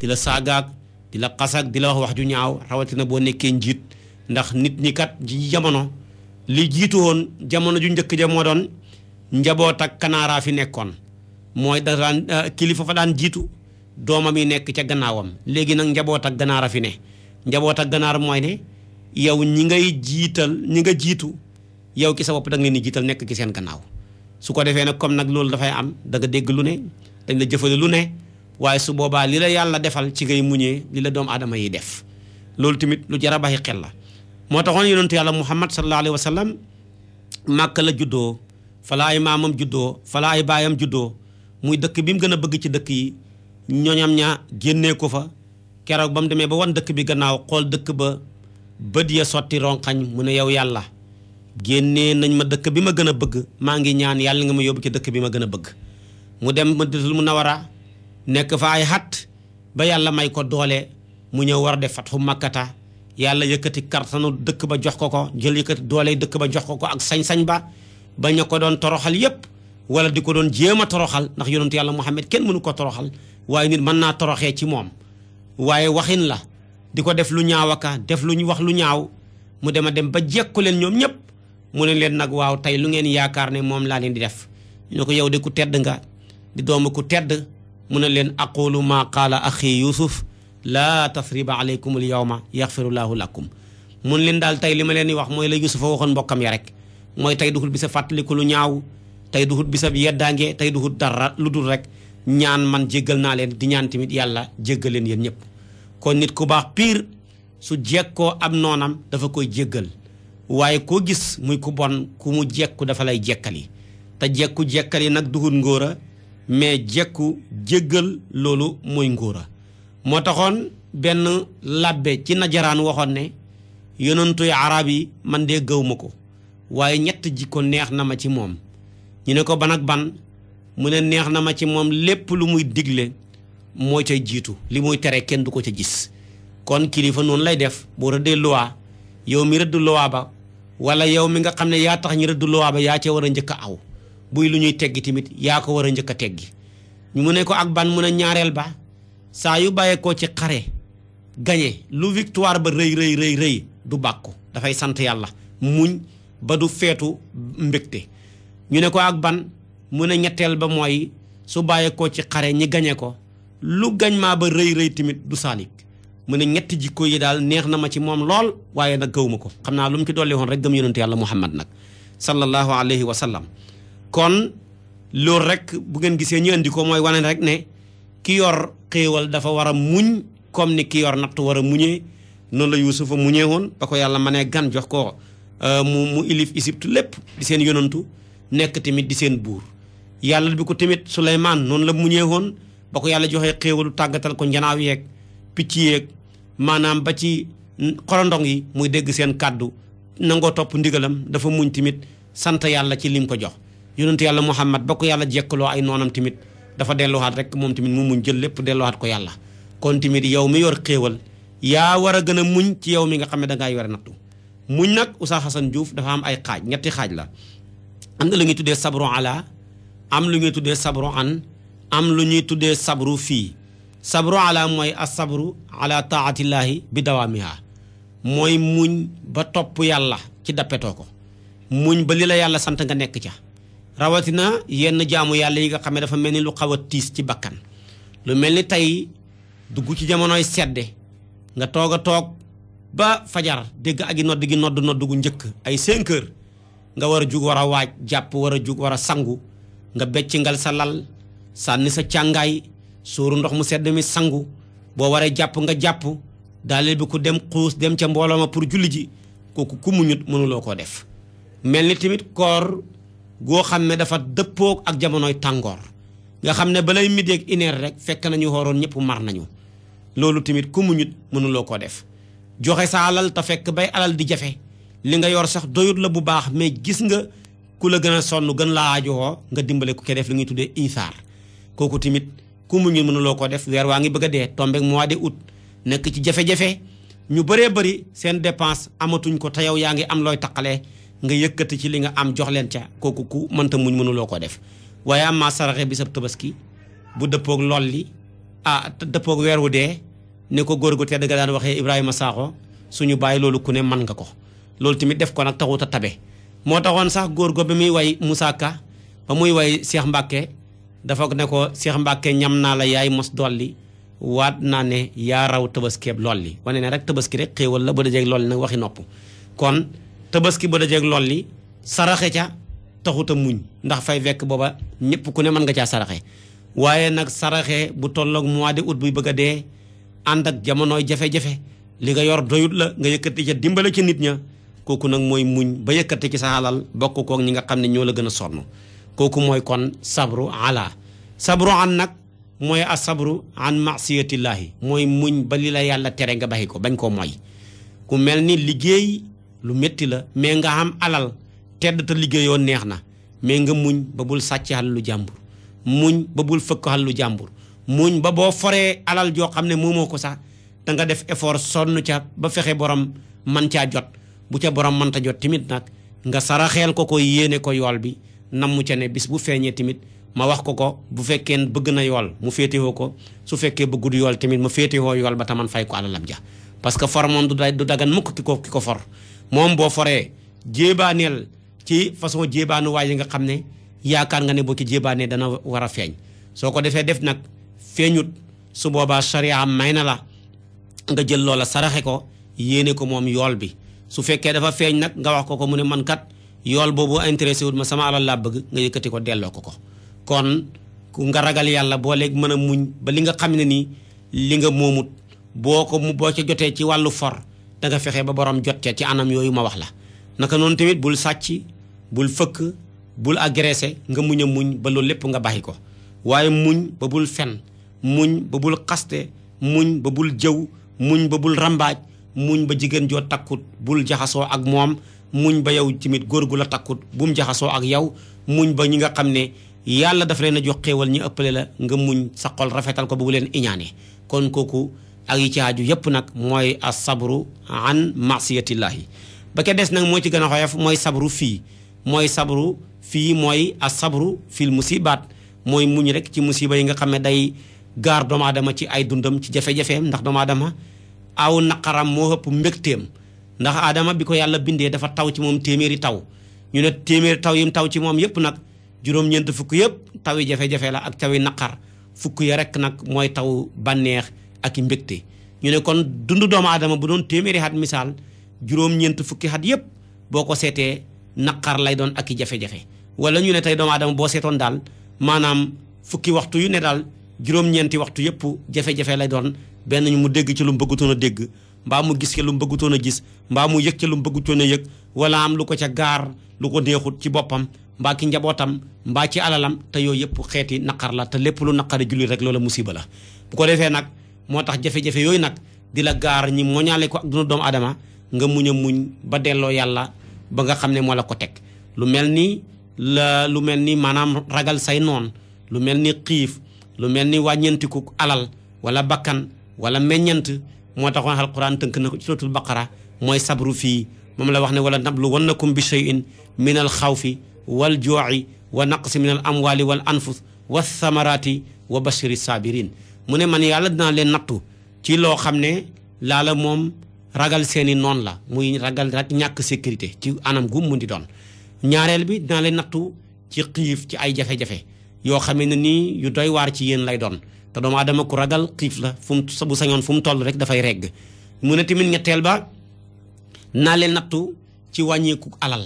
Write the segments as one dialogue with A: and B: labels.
A: di la saagaak di la xasaak di la wax ju ñaaw rawatina boo nekkee njiit ndax nit ñi kat ji jamono li jiitu woon jamono ju njëkk ja moo doon njaboot ak kanaaraa fi nekkoon mooy da daan euh, kilifa fa daan jiitu doomam yi nekk ca gannaawam léegi nag njaboot ak ganaara fi ne njaboota ak ganaar mooy ne yow ñi ngay jiital ñi nga jiitu yow ki sa wopp da nga leen jiital nekk ci seen gannaaw su ko defee ne comme nag loolu dafay am danga dégg lu ne dañ la jëfale lu ne waaye su boobaa li la yàlla defal ci ngay muñee li la doomu aadama yi def loolu tamit lu jar a bàyyi xel la moo taxoon yonentu yàlla muhammad sallallahu alayhi wa sallam màkka la juddoo fala ay maamam juddoo fala ay baayam juddoo muy dëkk bi mu gën a bëgg ci dëkk yi ñoñam ña génnee ko fa keroog ba mu demee ba wan dëkk bi gannaaw xool dëkk ba bët ya sotti ronqañ mu ne yow yàlla génnee nañ ma dëkk bi ma gën a bëgg maa ngi ñaan yàlla nga ma yóbbu ci dëkk bi ma gën a bëgg mu dem ma dëtul mu nawara nekk fa ay xat ba yàlla may ko doole mu ñëw war a def fatxu makkata yàlla yëkkati kartanu dëkk ba jox ko ko jël yëkkati doole dëkk ba jox ko ko ak sañ-sañ ba ba ña ko doon toroxal yépp wala di ko doon jéem a toroxal ndax yonentu yàlla Muhammad kenn mënu ko toroxal waaye nit mën naa toroxee ci moom waaye waxin la di ko def lu ñaaw aka def lu ñu wax lu ñaaw mu dem a dem ba jekku leen ñoom ñëpp mu ne leen nag waaw tey lu ngeen yaakaar ne moom laa leen di def ñu yow de ku tedd nga mu ne leen aqulu maa qaala axi yusuf laa tasriba aleykum al yawma yaxfirullahu lakum mun leen daal tey li ma leen di wax mooy la yusufa waxoon mbokkam ya rek mooy tey duhut bi sa fàttaliku lu ñaaw tey duhut bi sa yeddaange tey duhut dara lu dul rek ñaan man jéggal naa leen di ñaan tamit yàlla jéggal leen yéen ñëpp kon nit ku baax piir su jekkoo am noonam dafa koy jéggal waaye koo gis muy ku bon ku mu jekku dafa lay jekkali te jekku jekkali nag duhut ngóora mais jekku jéggal loolu mooy ngóora moo taxoon benn labbe ci najaraan waxoon ne yonentuy araab yi man dee gëw ma ko waaye ñett jikko neex na ma ci moom ñu ne ko ban ak ban mu ne neex na ma ci moom lépp lu muy digle moo ca jiitu li muy tere kenn du ko ca gis kon kilifa noonu lay def boo rëddee loi yow mi rëdd loi ba wala yow mi nga xam ne yaa tax ñu rëdd loi ba yaa ca war a njëkk a aw buy lu ñuy teggi tamit yaa ko war a njëkk a teggi mu ne ko ak ban mu ne ñaareel ba saa yu bàyyeekoo ci xare gañe lu victoire ba rëy rëy rëy rëy du bàkku dafay sant yàlla muñ ba du feetu mbégte ñu ne ko ak ban mu ne ñetteel ba mooy su bàyyeekoo ci xare ñi gañe ko lu gañ maa ba rëy rëy tamit du saalik mu ne ñetti jikko yi daal neex na ma ci moom lool waaye nag gëw ma ko xam naa lu mu ci dolli woon rek gëm yonente yàlla muhammad nag sallallahu alayhi wa sallam kon loolu rek bu ngeen gisee ñu indi mooy wane rek ne ki yor xéewal dafa war a muñ comme ni ki yor natt war a muñee noonu la Yuusufa muñee woon ba ko yàlla ma gan jox ko euh, mu mu ilif isibtu lépp di seen yonantu nekk tamit di seen buur yàlla bi ko tamit Suleymaan noonu la muñee woon ba ko yàlla joxee xéewalu tàggatal ko njanaaw yeeg picc yeeg maanaam ba ci xorondong yi muy dégg seen kàddu nangoo topp ndigalam dafa muñ tamit sant yàlla ci lim ko jox yonent yàlla Muhammad ba ko yàlla jekkaloo ay noonam tamit dafa delluwaat rek moom tamit mu muñ jël lépp delluwaat ko yàlla kon tamit yow mi yor xéewal yaa war a gën a muñ ci yow mi nga xam ne dangaa yore nattu muñ nag Oustaz Assane Diouf dafa am ay xaaj ñetti xaaj la am na lu ñuy tuddee sabru ala am lu ñuy tuddee sabru an am lu ñuy tuddee sabru fii sabru ala mooy as sabru ala taatillaahi bi dawaamiha mooy muñ ba topp yàlla ci dappetoo ko muñ ba li yàlla sant nga nekk ca rawatina yenn jaamu yàlla yi nga xam ne dafa mel ni lu xaw a tiis ci bakkan lu mel ni tey dugg ci jamonoy sedde nga toog a toog ba fajar dégg agi i nodd gi nodd nodd gu njëkk ay 5 nga war a jug war a waaj jàpp war a jug war a sangu nga becc ngal sa lal sànni sa càngaay suuru ndox mu sedd mi sangu boo waree jàpp nga jàpp daale bi ku dem xuus dem ca mbooloo ma pour julli ji kooku ku muñut mënuloo koo def mel ni tamit koor goo xam ne dafa dëppoog ak jamonoy tàngoor nga xam ne balay mideeg ineer rek fekk nañu xooroon ñëpp mar nañu loolu tamit ku muñut mënuloo koo def joxe sa alal te fekk bay alal di jafe li nga yor sax doyut la bu baax mais gis nga ku la gën a sonn gën laa aajowoo nga dimbale ku koy def li ñuy tuddee isaar kooku tamit ku muñut mënuloo koo def weer waa ngi bëgg a dee tombeeg mois de août nekk ci jafe-jafe ñu bëree bëri seen dépense amatuñ ko te yow yaa ngi am looy taqalee nga yëkkati ci li nga am jox leen ca kooku ku mënta muñ mënuloo koo def waaye am maa saraxe sab tabaski bu dëppoog lool li ah dëppoog weer wu dee ne ko góor gu tedd ga daan waxee Ibrahima Sakho suñu bàyyi loolu ku ne man nga ko loolu tamit def ko nag taxuta a tabe moo taxoon sax góor go ba muy way Moussa Ka ba muy way Cheikh Mbacke dafa ne ko Cheikh Mbacke ñam naa la yaay mos dool li waat naa ne yaa raw tabaskeeb lool li wane ne rek tabaski rek xéewal ba dajeeg lool li waxi nopp tabaski bu jeeg lool li saraxe ca taxut a muñ ndax fay fekk booba ñëpp ku ne mën nga caa saraxe waaye nag saraxe bu tolloog mois de août buy bëgg a dee ànd ak jamonooy jafe-jafe li nga yor doyut la nga yëkkati ca dimbale ci nit ña kooku nag mooy muñ ba yëkkati ci sa alal bokk koog ñi nga xam ne ñoo la gën a sonn kooku mooy kon sabru ala sabru an nag mooy a sabru an masiyatillaahi mooy muñ ba li la yàlla tere nga baxi ko bañ koo moy ku mel lu métti la mais nga am alal tedd te liggéeyoo neex na mais nga muñ ba bul sàcc alalu jàmbur muñ ba bul fëkk jàmbur muñ ba boo foree alal joo xam ne moomoo ko sax da nga def effort sonn ca ba fexe borom man caa jot bu ca borom ta jot tamit nag nga saraxeel ko ko yéene ko yool bi namu ca ne bis bu feeñee tamit ma wax ko ko bu fekkee bëgg na yool mu féetewoo ko su fekkee bëggul yool tamit ma féetewoo yool ba taman fay ko alalam ja parce que for moom du day du dagan mukk ki ko ki ko for moom boo foree jéebaaneel ci façon jéebaanu waay yi nga xam ne yaakaar nga ne boo ci jéebaanee dana war a feeñ soo ko defee def nag feeñut su boobaa sharia may na la nga jël loola saraxe ko yéene ko moom yool bi su fekkee dafa feeñ nag nga wax ko ko mu ne man kat yool boobu intéressé wut ma sama alal laa bëgg nga yëkkati ko delloo ko ko kon nga ragal yàlla boo léegi mën a muñ ba li nga xam ne nii li nga moomut boo ko mu boo ci jotee ci wàllu for danga fexe ba borom jot ca ci anam yooyu ma wax la naka noonu tamit bul sàcc bul fëkk bul agressé nga muñ muñ ba loolu lépp nga bàyyi ko waaye muñ ba bul fen muñ ba bul xaste muñ ba bul jëw muñ ba bul rambaaj muñ ba jigéen joo takkut bul jaxasoo ak moom muñ ba yow tamit góor gu la takkut bum jaxasoo ak yow muñ ba ñi nga xam ne yàlla dafa leen a jox xéewal ñu ëppale la nga muñ sa xol rafetal ko ba bu leen iñaane kon kooku ak yi ci aju yëpp nag mooy asabru an masiyatillahi ba ke des nag moo ci gën a xoyof mooy sabru fii mooy sabru fii mooy asabru fii musibaat mooy muñ rek ci musiba yi nga xam ne day gaar doomu aadama ci ay dundam ci jafe-jafeem ndax doomu aadama aw naqaram moo ëpp mbégteem ndax aadama bi ko yàlla bindee dafa taw ci moom téeméeri taw ñu ne téeméer taw yim taw ci moom yëpp nag juróom-ñeent fukk yëpp taw yi jafe-jafe la ak taw yi naqar fukk ya rek nag mooy taw bànneex ak i mbégte ñu ne kon dundu doomu aadama bu doon téeméeri xat misaal juróom-ñeent fukki xat yépp boo ko seetee naqar lay doon ak i jafe-jafe wala ñu ne tey doomu aadama boo seetoon daal maanaam fukki waxtu yu ne daal juróom-ñeenti waxtu yépp jafe-jafe lay doon benn ñu mu dégg ci lu mu a dégg mbaa mu gis ci lu mu a gis mbaa mu yëg ci lu mu bëggutoon a yëg wala am lu ko ca gaar lu ko neexut ci boppam mbaa ki njabootam mbaa ci alalam te yooyu yëpp xeeti naqar lépp lu naqari jullit rek loola musiba la bu nag moo tax jafe-jafe yooyu nag di la gaar ñi moñaale ko ak dunu doomu adama nga muñ a muñ ba delloo yàlla ba nga xam ne moo la ko teg lu mel ni la lu mel ni maanaam ragal say noon lu mel ni xiif lu mel ni wàññeentiku alal wala bakkan wala meññent moo tax taxoon alquran tënk na ko ci suratul baqara mooy sabru fii moom la wax ne wala nabluwannakum bi shay'in min al xawfi wal juu'i wa naqsi min al amwali wal anfus wa thamarati wa bashiri sabirin mu ne man yàlla dinaa leen nattu ci loo xam ne laala moom ragal seeni noon la muy ragal rek ñàkk sécurité ci anam gu mu di doon ñaareel bi dinaa leen nattu ci xiif ci ay jafe-jafe yoo xamee ne nii yu doy waar ci yéen lay doon te doom aadama ku ragal xiif la fu mu sañoon fu mu toll rek dafay regg mu ne tamit ñetteel ba naa leen nattu ci wàññeeku alal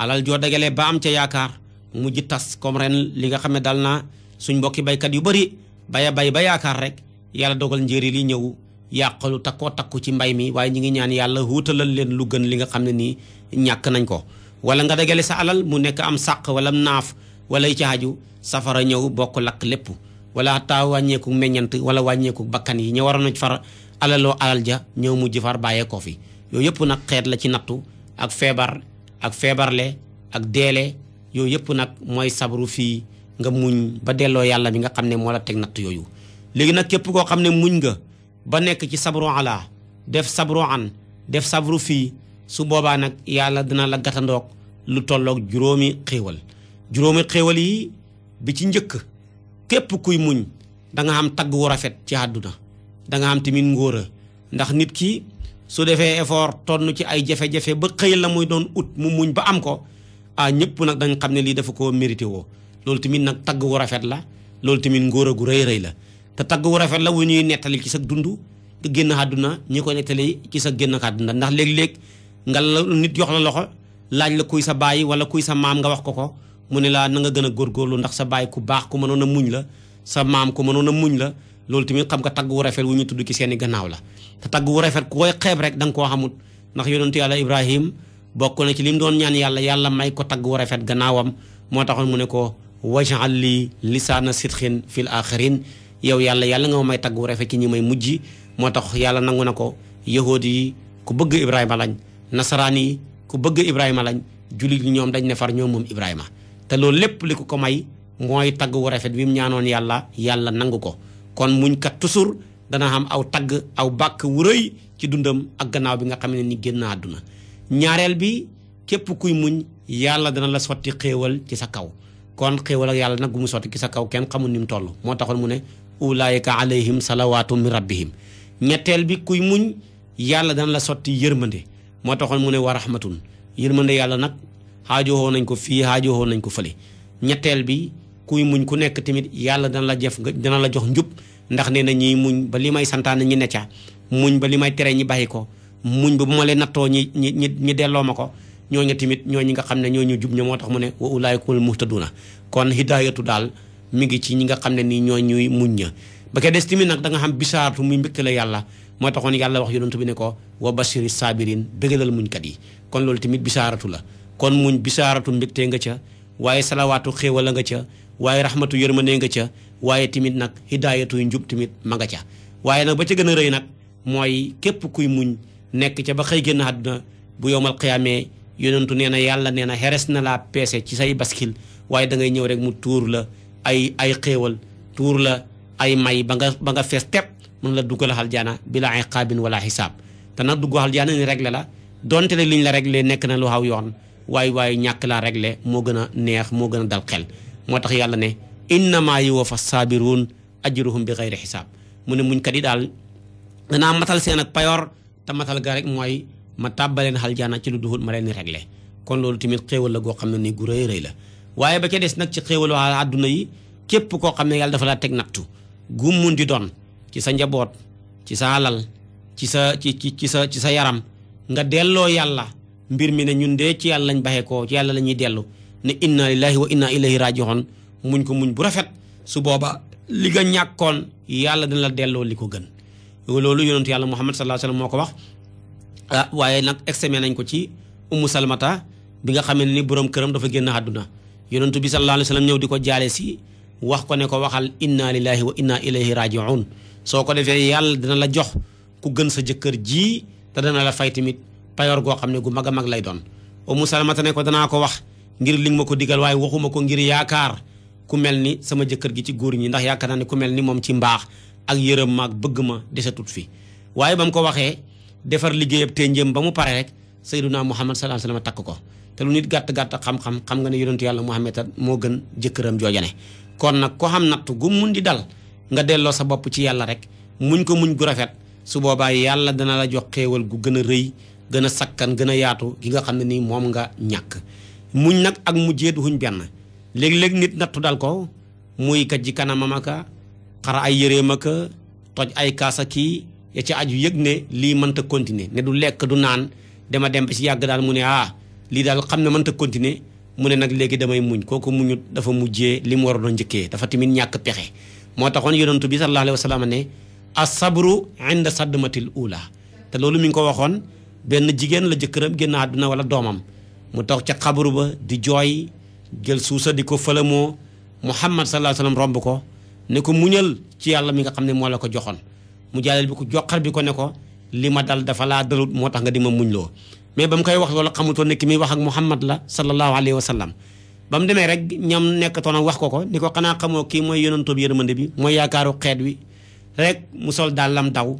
A: alal joo dagalee ba am ca yaakaar mujj tas comme ren li nga xam ne dal na suñ mbokki baykat yu bari baya bay ba yaakaar rek yàlla dogal njéeri li ñëw yàqalu takkoo takku ci mbay mi waaye ñi ngi ñaan yàlla wuutalal leen lu gën li nga xam ne nii ñàkk nañ ko wala nga dagale sa alal mu nekk am sàq wala naaf wala yi ci haju safara ñëw bokk lakk lépp wala taa wàññeeku meññant wala wàññeeku bakkan yi ñu waroon a far alaloo alal ja ñëw mujj far bàyyee ko fi yooyu yëpp nag xeet la ci nattu ak feebar ak feebarle ak deele yooyu yëpp nag mooy sabru fii nga muñ ba delloo yàlla mi nga xam ne moo la teg natt yooyu léegi nag képp koo xam ne muñ nga ba nekk ci sabru ala def sabru an def sabru fii su boobaa nag yàlla dina la gatandoog lu tolloog juróomi xéewal juróomi xéewal yi bi ci njëkk képp kuy muñ danga am tagg wu rafet ci àdduna danga am tamit ngóora ndax nit ki su defee effort tonn ci ay jafe-jafe ba xëy la muy doon ut mu muñ ba am ko ah ñëpp nag dañ xam ne lii dafa ko mérité loolu tamit nag tagg wu rafet la loolu tamit ngóor gu rëy rëy la te tagg wu rafet la wu ñuy nettali ci sa dund nga génn àdduna ñi ko nettali ci sa génn àdduna ndax léeg-léeg nga la nit jox la loxo laaj la kuy sa baay wala kuy sa maam nga wax ko ko mu ne laa nanga nga gën a góorgóorlu ndax sa baay ku baax ku mënoon a muñ la sa maam ku mënoon a muñ la loolu tamit xam nga tagg wu rafet wu ñu tudd ci seeni i gannaaw la te tagg wu rafet ku koy xeeb rek da nga koo xamul ndax yonentu yàlla ibrahim bokk na ci li mu doon ñaan yàlla yàlla may ko tagg wu rafet gannaawam moo taxoon mu ne ko wajal li lisaana sidxin fil axirin yow yàlla yàlla nga ma may tagg wu rafet ci ñi may mujj moo tax yàlla nangu na ko yahood yi ku bëgg Ibrahima lañ nasaraan yi ku bëgg Ibrahima lañ jullit yi ñoom dañ ne far ñoom moom Ibrahima te loolu lépp li ko ko may mooy tagg wu rafet bi mu ñaanoon yàlla yàlla nangu ko kon muñ kat toujours dana am aw tagg aw bàkk wu ci dundam ak gannaaw bi nga xam ne ni génn àdduna ñaareel bi képp kuy muñ yàlla dana la sotti xéewal ci sa kaw kon xéewal ak yàlla nag gu mu sotti ki sa kaw kenn xamul ni mu toll moo taxoon mu ne ulaayika alayhim salawaatu min rabbihim ñetteel bi kuy muñ yàlla dana la sotti yërmande moo taxoon mu ne wa rahmatun yërmande yàlla nag xaajowoo nañ ko fii xaajowoo nañ ko fële ñetteel bi kuy muñ ku nekk tamit yàlla dana la jëf dana la jox njub ndax nee na ñiy muñ ba li may santaane ñi ne ca muñ ba li may tere ñi bàyyi ko muñ ba bu ma leen nattoo ñi ñi ñi delloo ma ko ñooñu tamit ñooñu nga xam ne ñooñu jub ña moo tax mu ne wa ulaayikumul na kon hidaayatu daal mi ngi ci ñi nga xam ne nii ñooñuy muñ ña ba kee des tamit nag da nga xam bisaaratu muy mbégte la yàlla moo taxoon yàlla wax yonent bi ne ko wa basiri saabirin bégalal muñkat yi kon loolu tamit bisaaratu la kon muñ bisaaratu mbégtee nga ca waaye salawaatu xéewal nga ca waaye rahmatu yërmande nga ca waaye tamit nag hidaayatu njub tamit ma nga ca waaye nag ba ca gën a rëy nag mooy képp kuy muñ nekk ca ba xëy génn àdduna bu yowmal xiyaamee yonentu nee na yàlla nee na xeres na laa peese ci say baskil waaye da ngay ñëw rek mu tuur la ay ay xéewal tuur la ay may ba nga ba nga fees tepp mën la duggal aljaana bila iqaabin wala xisaab te nag dugg aljaana ni réglé la donte ne liñ la réglé nekk na lu xaw yoon waaye waaye ñàkk laa réglé moo gën a neex moo gën a dal xel moo tax yàlla ne innama yuwaffa saabiruun ajruhum bi xayri xisaab mu ne muñ kat yi daal danaa matal seen ak payoor te matal ga rek mooy ma tàbbaleen xal jaana ci lu duhut ma leen réglé kon loolu tamit xéewal la goo xam ne ni gu rëy rëy la waaye ba ca des nag ci xéewalu àdduna yi képp koo xam ne yàlla dafa laa teg nattu gu mun di doon ci sa njaboot ci sa alal ci sa ci ci sa ci sa yaram nga delloo yàlla mbir mi ne ñun dee ci yàlla lañ baxee koo ci yàlla la ñuy dellu ne inna lillahi wa inna ilayhi raji'un muñ ko muñ bu rafet su booba li nga ñàkkoon yàlla dina la delloo li ko gën loolu yonentu yàlla Muhammad sallallahu alayhi moo ko wax ah waaye nag extémé nañ ko ci ummu salmata bi nga xamee ni borom këram dafa génn àdduna yonentu bi sallallahu alayhi wa sallam ñëw di ko jaale si wax ko ne ko waxal inna lillahi wa inna ilayhi rajiun soo ko defee yàlla dina la jox ku gën sa jëkkër ji te dana la fay tamit payoor goo xam ne gu mag a mag lay doon ummu salmata ne ko danaa ko wax ngir li ma ko digal waaye waxuma ko ngir yaakaar ku mel ni sama jëkkër gi ci góor ñi ndax yaakaar naa ne ku mel ni moom ci mbaax ak yërëm maag bëgg ma desatut fi defar liggéeyam te njëm ba mu pare rek sayyiduna muhammad sallallahu alayhi wasallam takk ko te lu nit gàtt-gàtt xam-xam xam nga ne yonentu yàlla muhammad moo gën jëkkëram joojane kon nag ko xam natt gu mun di dal nga delloo sa bopp ci yàlla rek muñ ko muñ gu rafet su boobaa yàlla dana la jox xéewal gu gën a rëy gën a sakkan gën a yaatu ki nga xam ne nii moom nga ñàkk muñ nag ak mujjee du huñ benn léegi-léegi nit nattu dal ko muy kat ji kanamam ay yëreem aka ya ci aju yëg ne lii mënta continuer ne du lekk du naan dama dem ba si yàgg daal mu ne ah lii daal xam ne mënta continuer mu ne nag léegi damay muñ ko muñut dafa mujjee li mu waroon a njëkkee dafa tamit ñàkk pexe moo taxoon yonentu bi sallallahu alayhi wa sallam ne asabru inda sadmatil ula te loolu mi ko waxoon benn jigéen la jëkkëram génn àdduna wala doomam mu toog ca xabru ba di jooy jël suusa di ko fëlamoo muhammad sallallahu alayhi wa romb ko ne ko muñal ci yàlla mi nga xam ne moo la ko joxoon mu jaaleel bi ko joxar bi ko ne ko li ma dal dafa laa dalut moo tax nga di ma muñ loo mais ba mu koy wax loolu xamutoon ne ki muy wax ak Muhammad la sallallahu alayhi wa sallam ba mu demee rek ñam nekkatoon wax ko ko ni ko xanaa xamoo kii mooy yonantu bi yërmande bi mooy yaakaaru xeet wi rek mu sol daal dàllam daw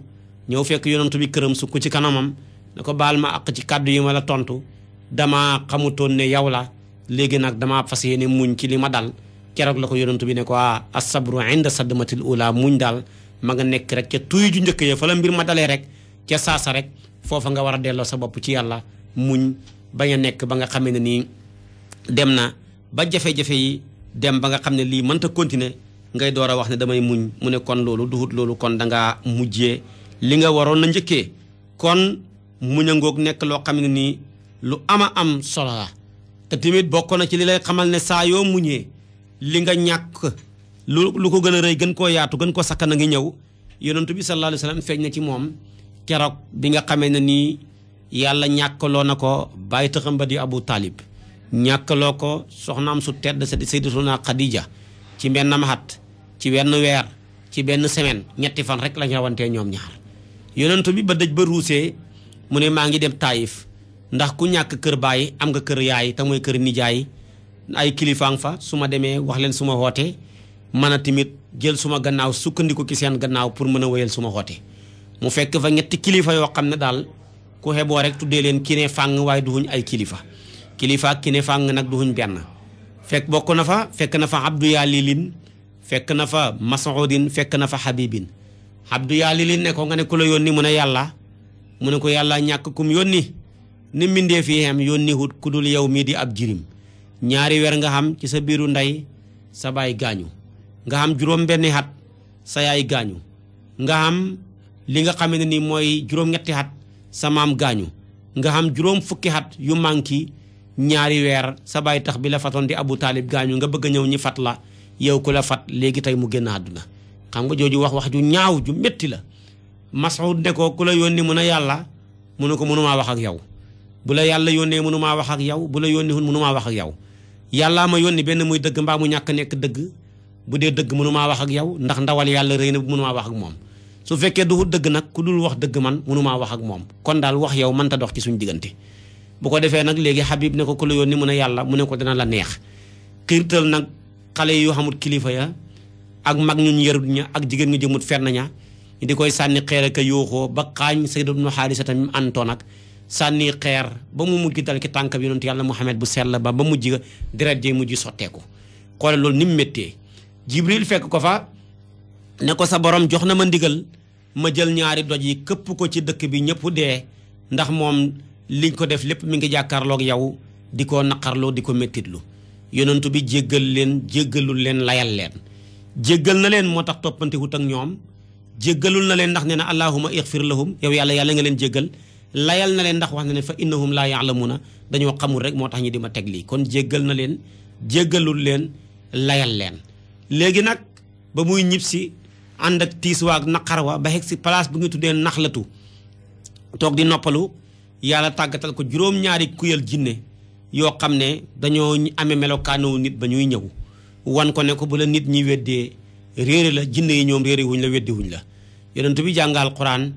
A: ñëw fekk yonantu bi këram sukk ci kanamam ne ko baal ma àq ci kàddu yi ma la tontu dama xamutoon ne yow la léegi nag damaa fas yéene muñ ci li ma dal keroog la ko yonantu bi ne ko ah asabru inda sadmatil ula muñ daal ma nga nekk rek ca tuy ju njëkk ya fa la mbir ma dalee rek ca saasa rek foofa nga war a delloo sa bopp ci yàlla muñ ba a nekk ba nga xamee ne nii dem na ba jafe-jafe yi dem ba nga xam ne lii mënta continuer ngay door a wax ne damay muñ mu ne kon loolu duhut loolu kon dangaa mujjee li nga waroon na njëkkee kon muñ ngoog nekk loo xam ne nii lu ama am solo la te tamit ci li lay xamal ne saa yoo muñee li nga ñàkk lu lu ko gën a rëy gën koo yaatu gën koo sakkan a ngi ñëw yonent bi sallallahu alayhi wa sallam feeñ na ci moom keroog bi nga xamee ne nii yàlla ñàkkaloo na ko bàyyi taxam ba di Abu taalib ñàkkaloo ko soxnaam su tedd sa di Sayyidatuna Khadija ci benn maxat ci wenn weer ci benn semaine ñetti fan rek lañ rawantee ñoom ñaar yonent bi ba dëj ba ruusee mu ne maa ngi dem Taïf ndax ku ñàkk kër baay am nga kër yaay te mooy kër nijaay ay kilifaang fa su ma demee wax leen su ma wootee man a tamit jël suma gannaaw sukkandiku ci seen gannaaw pour mën a wéyal suma xoote mu fekk fa ñetti kilifa yoo xam ne daal ku xeboo rek tuddee leen kine fàng waaye duhuñ ay kilifa kilifa ak kine fàng nag duhuñ benn fekk bokk na fa fekk na fa abdu yaalilin fekk na fa masudin fekk na fa habibin abdu yaalilin ne ko nga ne ku la yónni mu ne yàlla mu ne ko yàlla ñàkk kum yónni ni mbindee fii xam yónni hut ku dul yow mii di ab jirim ñaari weer nga xam ci sa biiru ndey sa baay gaañu nga am juróom-benni at sa yaay gaañu nga am li nga xamee ne ni mooy juróom-ñetti at sa maam gaañu nga xam juróom fukki at yu manqué ñaari weer sa baay tax bi la fatoon di abu taalib gaañu nga bëgg a ñëw ñi fat la yow ku la fat léegi tey mu génn àdduna xam nga jooju wax wax ju ñaaw ju metti la Mas'ud ne ko ku la yónni mun a yàlla mu ne ko mënumaa wax ak yow bu la yàlla yónnee mënumaa wax ak yow bu la yónni hun mënumaa wax ak yow yàllaa ma yónni benn muy dëgg mbaa ñàkk nekk dëgg bu dee dëgg mënumaa wax ak yow ndax ndawal yàlla rey na mënumaa wax ak moom su fekkee du dëgg nag ku dul wax dëgg man mënumaa wax ak moom kon daal wax yow mënta dox ci suñu diggante bu ko defee nag léegi Habib ne ko ku la yónni mu ne yàlla mu ne ko dina la neex xiirtal nag xale yu xamul kilifa ya ak mag ñun yarut ak jigéen ñu jëmut fenn ña di koy sànni xeer ak a ba xaañ Sayd ibnu Xaarisa tamit antoon ak sànni xeer ba mu mujj dal tànk bi yonent yàlla Muhammad bu sell ba ba mujj deret mujj sotteeku loolu ni mu méttee jibril fekk ko fa ne ko sa borom jox na ma ndigal ma jël ñaari doj yi këpp ko ci dëkk bi ñëpp dee ndax moom liñ ko def lépp mu ngi jàkkaarlook yow di ko naqarloo di ko méttitlu yonentu bi jéggal leen jéggalul leen layal leen jéggal na leen moo tax toppante ak ñoom jéggalul na leen ndax nee na allahuma ixfir lahum yow yàlla yàlla nga leen jéggal layal na leen ndax wax na ne fa innahum laa ya'lamuna dañoo xamul rek moo tax ñi di ma teg lii kon jéggal na leen jéggalul leen layal leen léegi nag ba muy ñib si ànd ak tiis waa ak naqar wa ba xeg si place bu nga tuddee naxlatu toog di noppalu yàlla tàggatal ko juróom-ñaari kuyal jinne yoo xam ne dañoo amee melokaanawu nit ba ñuy ñëw wan ko ne ko bu la nit ñi weddee réere la jinne yi ñoom réere wuñ la weddi wuñ la yonent bi jàng alquran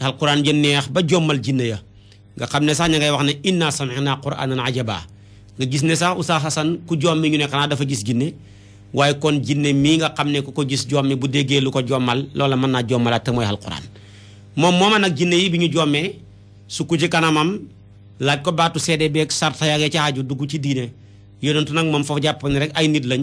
A: alquran ja neex ba jommal jinne ya nga xam ne sax ña ngay wax ne inna sami'na qur'anan ajaba nga gis ne sax Oustaz Assane ku jommi ñu ne xanaa dafa gis jinne waaye kon jinne mii nga xam ne ku ko gis jommi bu déggee lu ko jommal loola mën naa jommalaat te mooy alxuraan moom mooma nag jinne yi bi ñu jommee sukku ci kanamam laaj ko baatu seede beeg sarta yaa ngi ci aju dugg ci diine yonentu nag moom foofu jàpp ne rek ay nit lañ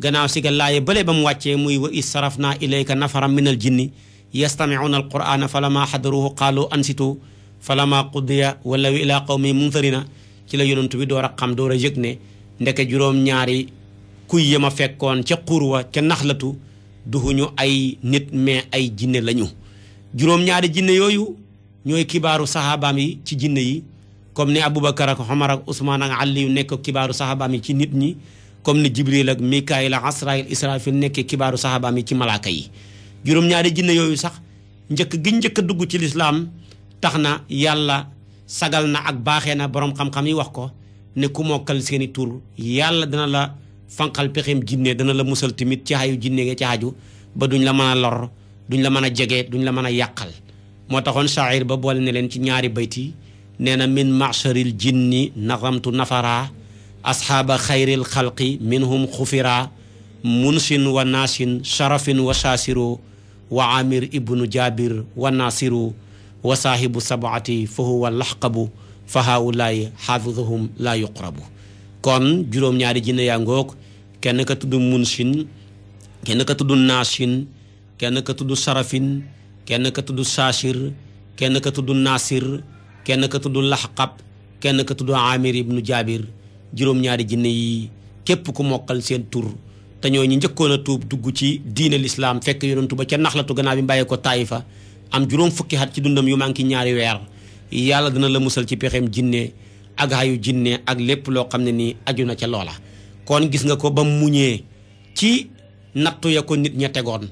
A: gannaaw si ga laaye ba mu wàccee muy wa is sarafna ilayka nafaram min al jinni yastamicuuna al qur'ana falama xadaruhu qaalu ansitu falama qudiya walaw ila qawmi munzarina ci la yonentu bi door a xam door a yëg ne ndeke kuy yema fekkoon ca xurwa ca naxlatu duhuñu ay nit mais ay jinne lañu juróom-ñaari jinne yooyu ñooy kibaaru saxaabaam yi ci jinne yi comme ni Aboubacar ak Omar ak Ousmane ak Ali yu nekk kibaaru saxaabaam yi ci nit ñi comme ni Jibril ak Mikaayil ak Asraayil Israafil nekk kibaaru saxaabaam yi ci malaaka yi juróom-ñaari jinne yooyu sax njëkk gi njëkk dugg ci lislaam tax na yàlla sagal na ak baaxe na boroom xam-xam yi wax ko ne mokkal seeni tur yàlla dina la fanqal pexem jinne dana la musal tamit ci xayu jinne nga ci xaju ba duñ la mën a lor duñ la mën a jege duñ la mën a yàqal moo taxoon shaayir ba boole ne leen ci ñaari bayt yi nee na min macharil jinni nazamtu nafara asxaaba xayril xalqi minhum xufira munsin wa naasin sharafin wa shaasiro wa amir ibnu jabir wa naasiru wa saahibu sabaati fa huwa laxqabu fa haulaay xaafiduhum laa yuqrabu kon juróom-ñaari jinne yaa ngoog kenn ka tudd munshin kenn ka tudd naashin kenn ka tudd sarafin kenn ka tudd saashir kenn ka tudd naasir kenn ka tudd laxqab kenn ka tudd amir ibnu jaabir juróom-ñaari jinne yi képp ku mokkal seen tur te ñoo ñi njëkkoon a tuub dugg ci diine lislaam fekk yonentu ba ca naxlatu gannaaw bi mbàyyee ko taay fa am juróom fukki at ci dundam yu manqué ñaari weer yàlla dina la musal ci pexeem jinne ak ayu jinne ak lépp loo xam ne nii aju na ca loola kon gis nga ko ba ñëwee ci nattu ya ko nit ña tegoon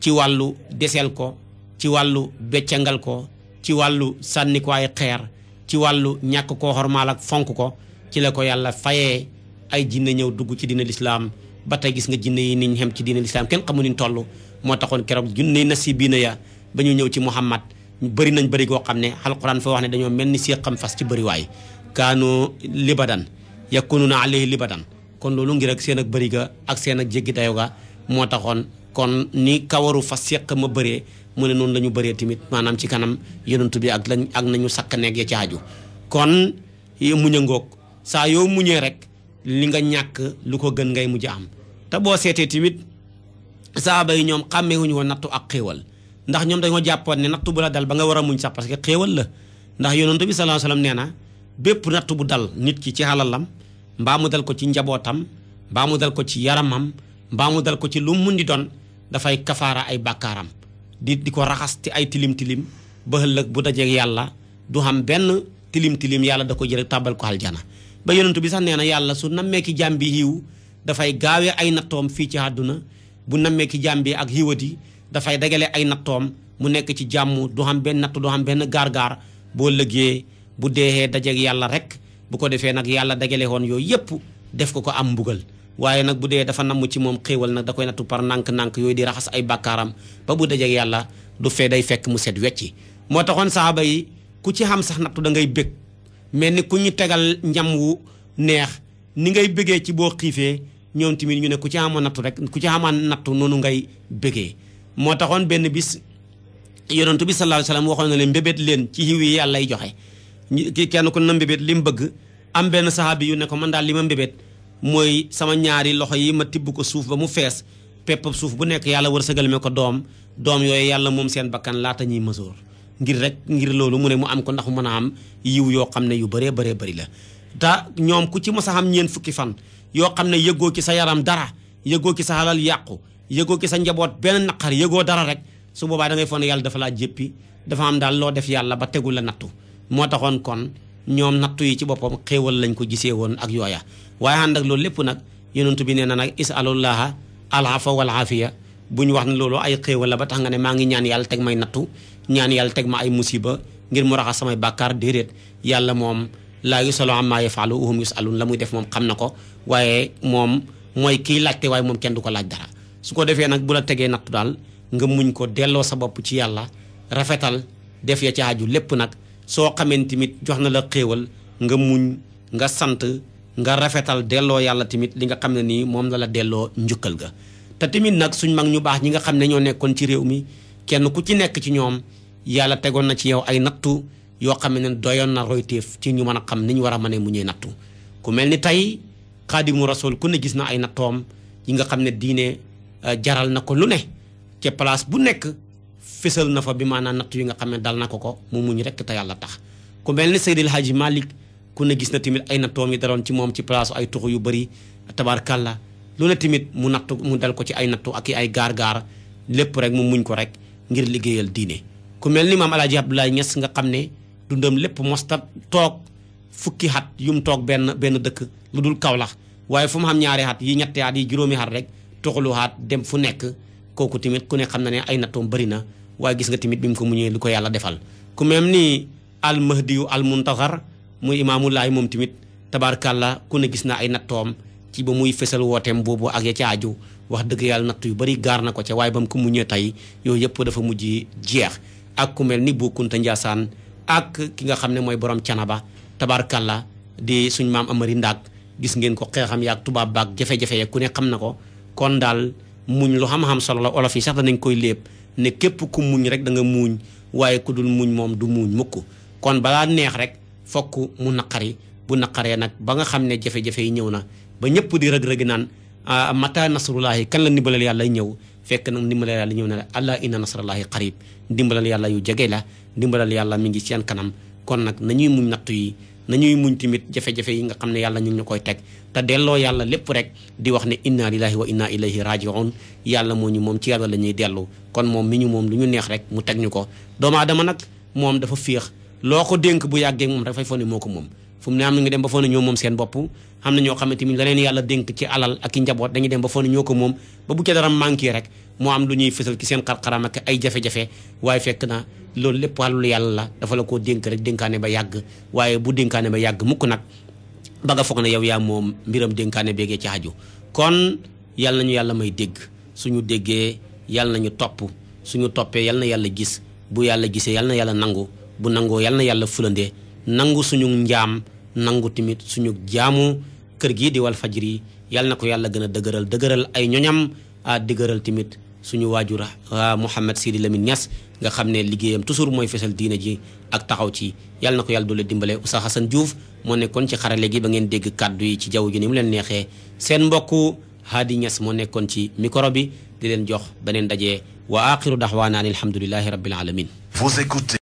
A: ci wàllu deseel ko ci wàllu beccangal ko ci wàllu sànni ko ay xeer ci wàllu ñàkk koo xormaal ak fonk ko ci la ko yàlla fayee ay jinne ñëw dugg ci dina lislaam ba tey gis nga jinne yi niñ xem ci diina lislaam kenn xamu niñ toll moo taxoon keroog junne nasibiina ya ba ñu ñëw ci muhammad ñu bëri nañ bëri goo xam ne alquran fa wax ne dañoo mel ni see xam fas ci bëriwaay kaanu libadan yakununa alayhi libadan kon loolu ngir ak seen ak bëriga ak seen ak jéggi dayo ga moo taxoon kon ni kawaru fas seq ma bëree mu ne noonu lañu ñu bëree tamit maanaam ci kanam yonent bi ak lañ ak nañu sakk neeg ya ci aju kon muñ ngoog saa yow muñee rek li nga ñàkk lu ko gën ngay mujj am te boo seetee tamit saaba yi ñoom xàmmeewuñu woon nattu ak xéewal ndax ñoom dañoo jàppoon ne nattu bu la dal ba nga war a muñ sax parce que xéewal la ndax yonent bi sallallahu alayhi nee na bépp nattu bu dal nit ki ci xalalam mbaa mu dal ko ci njabootam mbaa mu dal ko ci yaramam mbaa mu dal ko ci lu mun di doon dafay kafaara ay bàkkaaram di di ko raxas ti ay tilim-tilim ba ëllëg bu dajeeg yàlla du xam benn tilim-tilim yàlla da ko jël tàbbal ko aljana ba yonentu bi sax nee na yàlla su nammee ki jaam bi yiw dafay gaawe ay nattoom fii ci àdduna bu nammee ki jaam bi ak yiwadi dafay dagale ay nattoom mu nekk ci jàmm du xam benn natt du xam benn gaar-gaar boo lëggee bu deexee dajeeg yàlla rek bu ko defee nag yàlla dajale woon yooyu yëpp def ko ko am mbugal waaye nag bu dee dafa namm ci moom xéewal nag da koy nattu par nànk-nànk yooyu di raxas ay bakkaaram ba bu dajeg yàlla du fee day fekk mu set wecci moo taxoon saaba yi ku ci xam sax nattu da ngay bég mel ni ku ñu tegal ñam wu neex ni ngay bëggee ci boo xiifee ñoom tamit ñu ne ku ci amoon nattu rek ku ci amoon nattu noonu ngay bégee moo taxoon benn bis yonentu bi sallallahu alayhi wasallam waxoon na leen mbébét leen ci yiw yi yàlla lay joxe kii kenn ku na mbébét li mu bëgg am benn saxaabi yu ne ko man daal li ma mbébét mooy sama ñaari loxo yi ma tibb ko suuf ba mu fees pepp suuf bu nekk yàlla wërsëgal ma ko doom doom yooyu yàlla moom seen bakkan laata ñuy mësoor ngir rek ngir loolu mu ne mu am ko ndax mën a am yiw yoo xam ne yu bëree bëree bari la te ñoom ku ci mos a xam ñeen fukki fan yoo xam ne yëgoo ci sa yaram dara yëgoo ci sa alal yàqu yëgoo ci sa njaboot benn naqar yëgoo dara rek su boobaa da ngay yàlla dafa laa jéppi dafa am daal loo def yàlla ba tegul la nattu moo taxoon kon ñoom nattu yi ci boppam xéewal lañ ko gisee woon ak yooya waaye ànd ak loolu lépp nag yonent bi nee na nag isalullaha alafa wal afiya bu ñu wax ne loolu ay xéewal la ba tax nga ne maa ngi ñaan yàlla teg may nattu ñaan yàlla teg ma ay musiba ngir mu raxas samay bàkkaar déedéet yàlla moom laa yusalu amma yafalu uhum yusalun la muy def moom xam na ko waaye moom mooy kiy laajte waaye moom kenn du ko laaj dara su ko defee nag bu la tegee nattu daal nga muñ ko delloo sa bopp ci yàlla rafetal def ya ci aju lépp nag soo xamee tamit jox na la xéewal nga muñ nga sant nga rafetal delloo yàlla tamit li nga xam ne nii moom la la delloo njukkal ga te tamit nag suñ mag ñu baax ñi nga xam ne ñoo nekkoon ci réew mi kenn ku ci nekk ci ñoom yàlla tegoon na ci yow ay nattu yoo xam ne doyoon na royteef ci ñu mën a xam ni ñu war a mënee muñee nattu ku mel ni tey xaadimu rasul ku ne gis na ay nattoom yi nga xam ne diine euh, jaral na ko lu ne ca place bu nekk fésal na fa bi maanaam natt yi nga xam ne dal na ko ko mu muñ rek te yàlla tax ku mel ni Seydil Hadji Malick ku ne gis na tamit ay nattoom yi daroon ci moom ci place ay tuxu yu bëri tabarkàlla lu ne tamit mu nattu mu dal ko ci ay nattu ak i ay gaar-gaar lépp rek mu muñ ko rek ngir liggéeyal diine ku mel ni maam El Hadj Abdoulaye Niass nga xam ne dundam lépp mosta toog fukki xat yu mu toog benn benn dëkk lu dul Kaolack waaye fu mu xam ñaari xat yi ñetti xat yi juróomi xat rek toxalu xat dem fu nekk kooku tamit ku ne xam na ne ay nattoom bari na waaye gis nga tamit bi mu ko muñee lu ko yàlla defal ku même ni al mahdiyu al muntazar muy imaamullahi moom tamit tabaarkàlla ku ne gis naa ay nattoom ci ba muy fesal wooteem boobu ak ya ca aju wax dëgg yàlla natt yu bari gaar na ko ca waaye ba mu ko muñee tey yooyu yëpp dafa mujj jeex ak ku mel ni kunta Njaasaan ak ki nga xam ne mooy borom ba tabaarkàlla di suñ maam amari ndaag gis ngeen ko xeexam yaag tubaab baag jafe-jafe ku ne xam na ko kon daal muñ lu xam-xam solo la olof yi sax danañ koy léeb ne képp ku muñ rek da nga muuñ waaye ku dul muñ moom du muuñ mukk kon balaa neex rek fokk mu naqari bu naqaree nag ba nga xam ne jafe-jafe yi ñëw na ba ñëpp di rëg-rëgi naan ah, mata nasrullahi kan la ndimbalal yàlla ñëw fekk nag ndimbalal yàlla ñëw na la allah inna nasrullahi qarib ndimbalal yàlla yu jege la ndimbalal yàlla mi ngi seen kanam kon nag nañuy muñ nattu yi nañuy muñ tamit jafe-jafe yi nga xam ne yàlla ñu ngi ñu koy teg te delloo yàlla lépp rek di wax ne inna lillahi wa inna ilayhi rajiun yàlla moo ñu moom ci yàlla la ñuy dellu kon moom mi ñu moom lu ñu neex rek mu teg ñu ko doomu aadama nag moom dafa féex loo ko dénk bu yàggee moom dafay foog ne moo ko moom fu mu ne am na dem ba foog ne ñoo moom seen bopp am na ñoo xamante ni la leen yàlla dénk ci alal ak i njaboot dañuy dem ba foog ñoo ko moom ba bu ca dara rek moo am lu ñuy fësal ci seen xar ay jafe-jafe waaye fekk na loolu lépp wàllu yàlla la dafa la koo dénk rek dénkaane ba yàgg waaye bu dénkaane ba yàgg mukk nag ba nga foog ne yow yaa moom mbiram dénkaane beegee ci aju kon yàlla nañu yàlla may dégg suñu déggee yàlla na ñu topp suñu toppee yàlla na yàlla gis bu yàlla gisee yàlla na yàlla nangu bu nangoo yàlla na yàlla fulande nangu suñu njaam nangu tamit suñu jaamu kër gii di Walfadjri yàlla na ko yàlla gën a dëgëral dëgëral ay ñoñam a dëgëral tamit suñu waajur ah Mouhamed Sidi Lamine Niass nga xam ne liggéeyam toujours mooy fesal diina ji ak taxaw ci yàlla na ko yàlla doole dimbale Oustaz Assane Diouf moo nekkoon ci xarale gi ba ngeen dégg kàddu yi ci jaw ji ni mu leen neexee seen mbokk Hadi ñas moo nekkoon ci micro bi di leen jox beneen daje wa axiru daxwaana ani alhamdulilahi rabbil alamin vous écoutez